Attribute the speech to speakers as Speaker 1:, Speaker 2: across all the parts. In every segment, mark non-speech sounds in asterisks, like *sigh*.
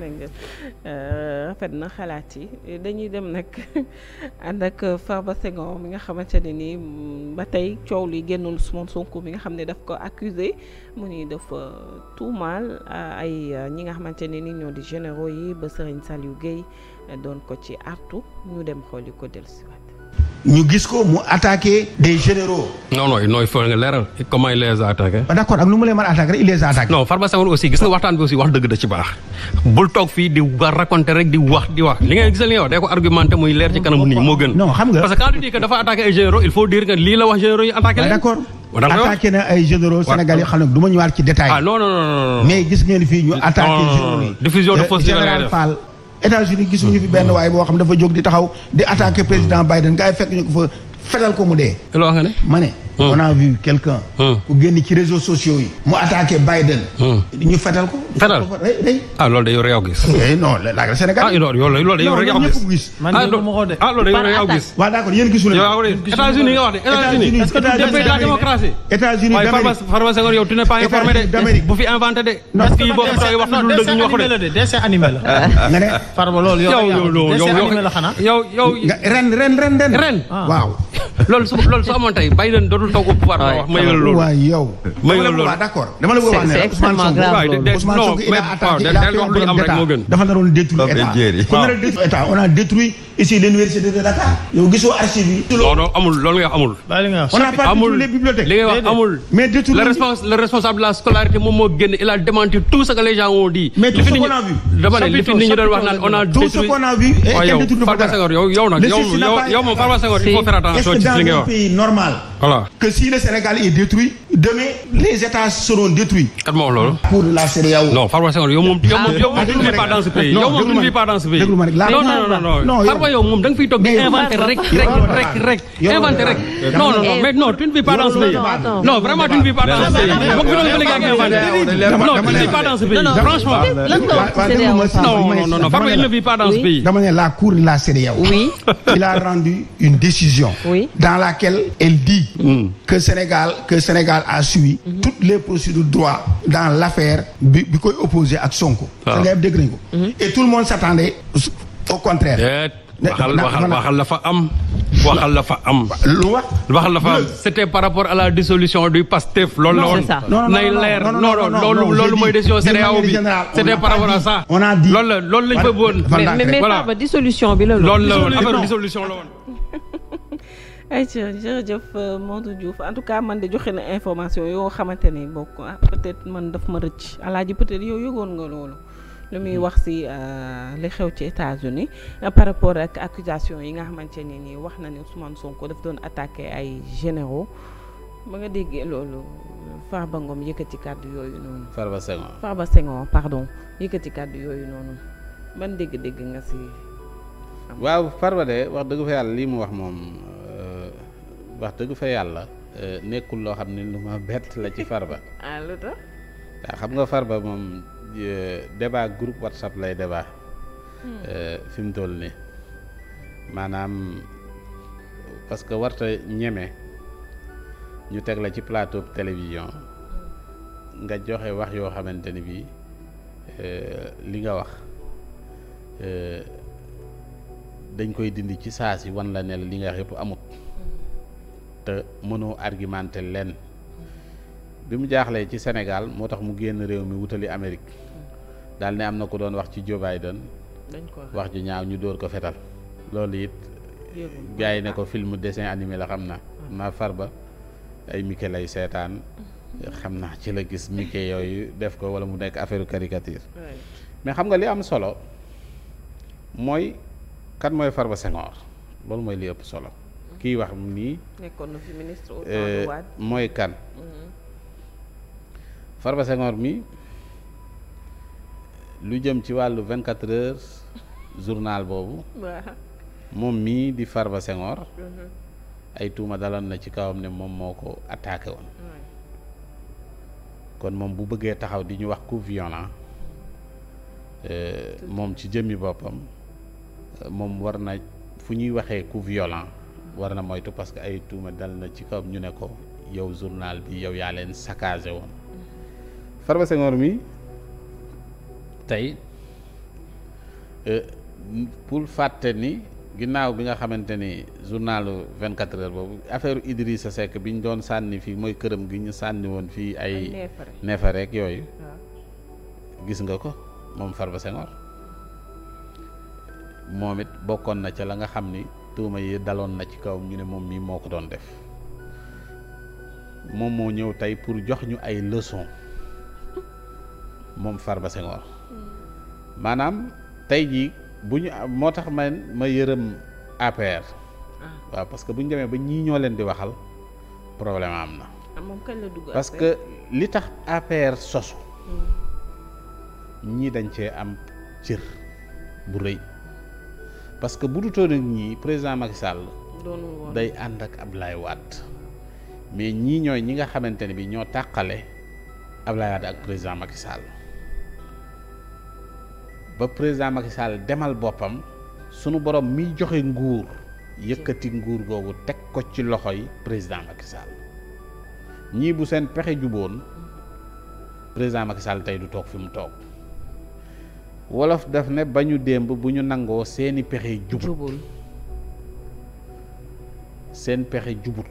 Speaker 1: dégg nga euh, rafet na xalaat yi dañuy dem nag *laughs* ànd ak Farba segon mi nga xamante ne nii ba tey coow li génnul Ousmane Sonko mi nga xam ne daf ko accusé mu ni dafa euh, tuumaal euh, ay ñi nga xamante ne ni ñoo di généraux yi ba Serigne Saliou Guèye doon ko ci artu ñu dem xool yi ko dellusiwaat.
Speaker 2: ñu gis ko mu attaqué des généraux. non mais gis ngeen fii ñu attaqué de eh, fausse États-Unis gisuñu fi benn waay boo xam dafa jóg di taxaw di attaquer président Biden ngay fekk ñu ko fa fetal ko mu dee. loo ne ma ne. on a vu quelqu'un ku génn ci réseaux sociaux yi. mu attaqué Biden. ñu fetal ko. fetal ah loolu de yow réew gis. Eh, non la Sénégal. ah loolu loolu de yow réew gis. Ah, ah
Speaker 1: loolu de
Speaker 2: yow réew États-Unis nga wax de. États-Unis est-ce que tu pays de la démocratie. États-Unis d'Amérique Farba Senghor yow tu n'es pas informé de. bu fi de. parce que boo ne wax na lu dëgg de. dessin animé *laughs* nga ne Farba loolu yow yow yow yow yow ren ren ren ren ah. waaw
Speaker 1: loolu su loolu su amoon tey Biden dootul toog au pouvoir. wax ma yëgal loolu waay
Speaker 2: yow. ma yëgal loolu waaw d'accord dama la bëgg wax ne la Ousmane Sonko il a attaqué il a fait un problème d'État dafa naroon détruire État ku nar a détruire État on a détruit ici l'université de Dakar. yow gisoo archive yi. non non amul loolu nga amul. on n'a pas détruit les bibliothèques. li nga wax amul. mais détruire le responsable le responsable de la scolarité moom moo génn il a démenti tout ce que les gens ont dit. mais tout ce qu'on a vu. dama ne li fi nit ñi doon wax naan on a détruit tout ce qu'on a vu. Oh, yow Farba Senghor yow yow nag yow yow moom Farba Senghor il faut faire attention dans un pays normal voilà que si le Sénégal est détruit demain les états seront détruits. kat ma wax loolu. pour la CEDEAO. non Farba Senghor yow moom. yow moom ah, yow moom tu ne vis pas dans ce pays. non yow moom tu ne vis pas dans ce pays. déglu ma rek non non non Farba yow moom da nga fiy toog di inventé rek rek rek rek. inventé rek non non mais non tu ne vis pas dans ce pays. non vraiment tu ne vis pas dans ce pays. boog bi doon bële gaa ngi inventé. non tu ne vis pas dans ce pays. franchement. non non non Farba il ne vit pas dans ce pays. dama ne la cour de la CEDEAO. oui. il a rendu une décision. oui dans laquelle elle dit. que Sénégal que Sénégal a suivi mhm. toutes les procédures de droit dans l'affaire bi bi opposé ak Sonko Sénégal dégg nañ ko mhm. et tout le monde s'attendait au contraire la fa am waxal la fa am. lu wax waxal la fa am c'était par rapport à la dissolution du PASTEF. loolu la woon non non non non loolu mooy décision CEDEAO bi c'était par on a dit loolu la loolu lañ fa bëggoon. mais mais dissolution bi la loolu la la woon.
Speaker 1: ayca jërëjëf euh, Modou Diouf en tout cas man de joxe na information yoo xamante ni bokk ah peut-être man daf ma rëcc alaaji peut-être yow yëgoon nga loolu. lu muy hmm. wax si euh, li xew ci États-Unis euh, par rapport ak accusation yi nga xamante ne nii wax na su man Sonko daf doon attaqué ay généraux ba nga déggee loolu Farba Ngom yëkkati kàddu yooyu noonu. Farba Senghor Farba Senghor pardon yëkkati kàddu yooyu noonu ban dégg-dégg nga ci. waaw Farba de wax dëgg fa yàlla lii mu wax moom. wax dëgg fa yàlla euh, nekkul loo xam ne lu ma bett la ci Farba. ba *laughs* ah, lu tax. xam nga far ba moom euh, débat groupe WhatsApp lay débat. Hmm. Euh, fi mu toll nii maanaam parce que warta ñeme ñu teg la ci plateau télévision hmm. nga joxe wax yoo xamante ni bii li nga wax dañ koy dindi ci saa si wan la ne li nga wax yëpp amut. te mënoo argumenté lenn bi mu jaaxlee ci Sénégal moo tax mu génn réew mi wutali Amérique daal ne am na ko doon wax ci Joe Biden wax ju ñaaw ñu dóor ko fetal loolu it gars yi ne ko film dessin animé la xam na naa ah. ba ay Mickey lay seetaan xam naa ci la gis Mickey yooyu def ko wala mu nekk affaire caricature mais xam nga li am solo mooy kan mooy Farba Senghor loolu mooy li ëpp solo kii wax nii. nekkoon na fi ministre au euh, mooy kan. Mhm. Farba Senghor mi lu jëm ci wàllu vingt quatre heures journal boobu. moom mii di Farba Senghor. Mhm. ay tuuma daloon na ci kawam ne moom moo ko attaque woon. kon moom bu bëggee taxaw di ñu wax ku violent euh, moom ci jëmmi boppam euh, moom war na fu ñuy waxee ku violent war na moytu parce que ay tuuma dal na ci kaw ñu ne ko yow journal bi yow yaa leen saccagé woon Farba mi tey euh, pour fàtte ni ginnaaw bi nga xamante ni journalu 24 heures boobu affaire Idrissa Seck bi ñu doon sànni fii mooy këram gi ñu sànni woon fii ay neefare rek yooyu gis nga ko moom Farba moom it bokkoon na ca la nga xam ni tuuma yi daloon na ci kaw ñu ne moom mii moo ko doon def moom moo ñëw tey pour jox ñu ay leçon moom Farba Senghor hmm. maanaam tey jii bu ñu am moo tax man ma yërëm APR ah. waa parce que bu ñu demee ba ñii ñoo leen di waxal problème am na ah, parce que li tax APR sosu hmm. ñii dañ cee am cër bu rëy parce que bu dutoon ak ñii président Macky Sall day ànd ak Abdoulaye Wade mais ñii ñooy ñi nga xamante ne bi ñoo tàqale Abdoulaye Wade ak président Macky ba président Macky demal boppam sunu borom miy joxe nguur yëkkati nguur googu teg ko ci loxoy président Macky ñii bu seen pexe juboon président Macky Sall tey du toog fi mu toog wolof daf ne ba ñu démb bu ñu nangoo seeni pexe jubul seen pexe jubut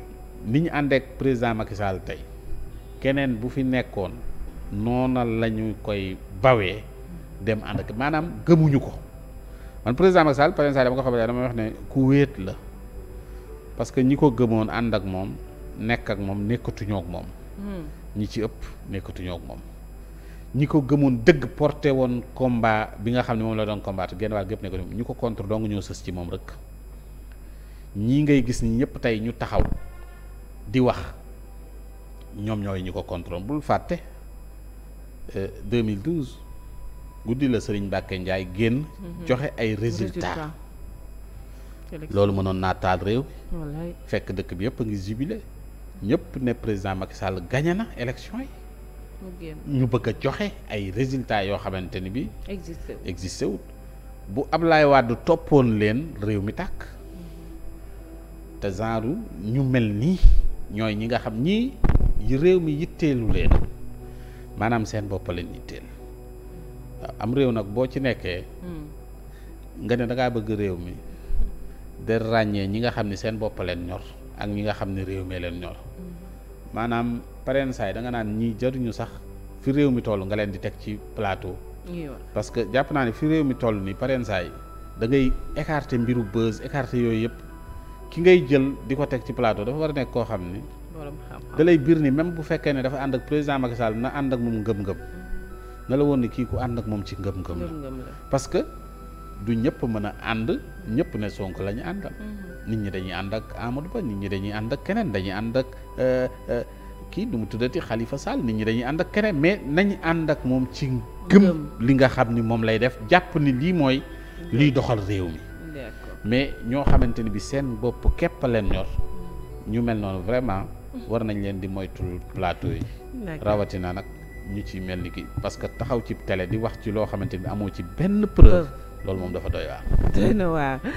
Speaker 1: ni ñu àndeek ak président Macky Sall tey keneen bu fi nekkoon noona la ñu koy bawee dem ànd ak maanaam gëmuñu ko man président Macky Sall par exemple ko xam ne dama wax ne ku wéet la parce que ñi ko gëmoon ànd ak moom nekk ak moom nekkatuñoo ak moom hmm. ñi ci ëpp nekkatuñoo moom ñi ko gëmoon dëgg porté woon combat bi nga xam ne moom la doon combattre genn wàll gépp ne ko ñu ko contre dong ñoo sës ci moom rek ñii ngay gis ni ñëpp tey ñu taxaw di wax ñoom ñooy ñu ko contre bul fàtte 2012 euh, guddi la Serigne Mbacké Ndiaye génn. Mhm. joxe ay résultats. loolu mënoon naa réew. fekk dëkk bi yëpp a ngi jubilé. ñëpp ne président Macky Sall gagné na élection yi. ñu bëgg a joxe ay résultat yoo xamante ni bi existé wut bu Ablaye Wade toppoon leen réew mi tàkk te genre ñu mel nii ñooy ñi nga xam ñii réew mi yitteelu leen maanaam seen bopp leen yitteel waaw am réew nag boo ci nekkee hmm. nga ne da bëgg réew mi de ràññee ñi nga xam ne seen boppaleen ñor ak ñi nga xam ne réew mi leen ñor hmm. maanaam pareen saay da nga naan ñii jaruñu sax fi réew mi toll nga leen di teg ci plateau. parce que jàpp naa ne fi réew mi toll nii pareen saay da ngay mbiru buzz écarter yooyu yëpp ki ngay jël di ko teg ci plateau dafa war a nekk koo xam ni. da lay biir ni même bu fekkee ne dafa ànd ak président Macky na ànd ak moom ngëm-ngëm. Mm. na la woon ni kii ku ànd ak moom ci ngëm-ngëm la parce que du ñëpp mën a ànd ñëpp ne sonk la ñu àndal. Mm. nit ñi dañuy ànd ak Amadou Ba nit ñi dañuy ànd ak keneen dañuy ànd ak euh, euh, kii nu mu tuddati Khalifa Sall nit ñi dañuy ànd ak keneen mais nañ ànd ak moom ci gëm li nga xam ni moom lay def jàpp ni lii mooy liy doxal réew mi mais ñoo xamante ni bi seen bopp képp leen ñor ñu mel noonu vraiment war nañ leen di moytul plateau yi rawatina nag ñu ci mel ni kii parce que taxaw ci tele di wax ci loo xamante ni amoo ci benn preuve loolu moom dafa doy waar doy na waar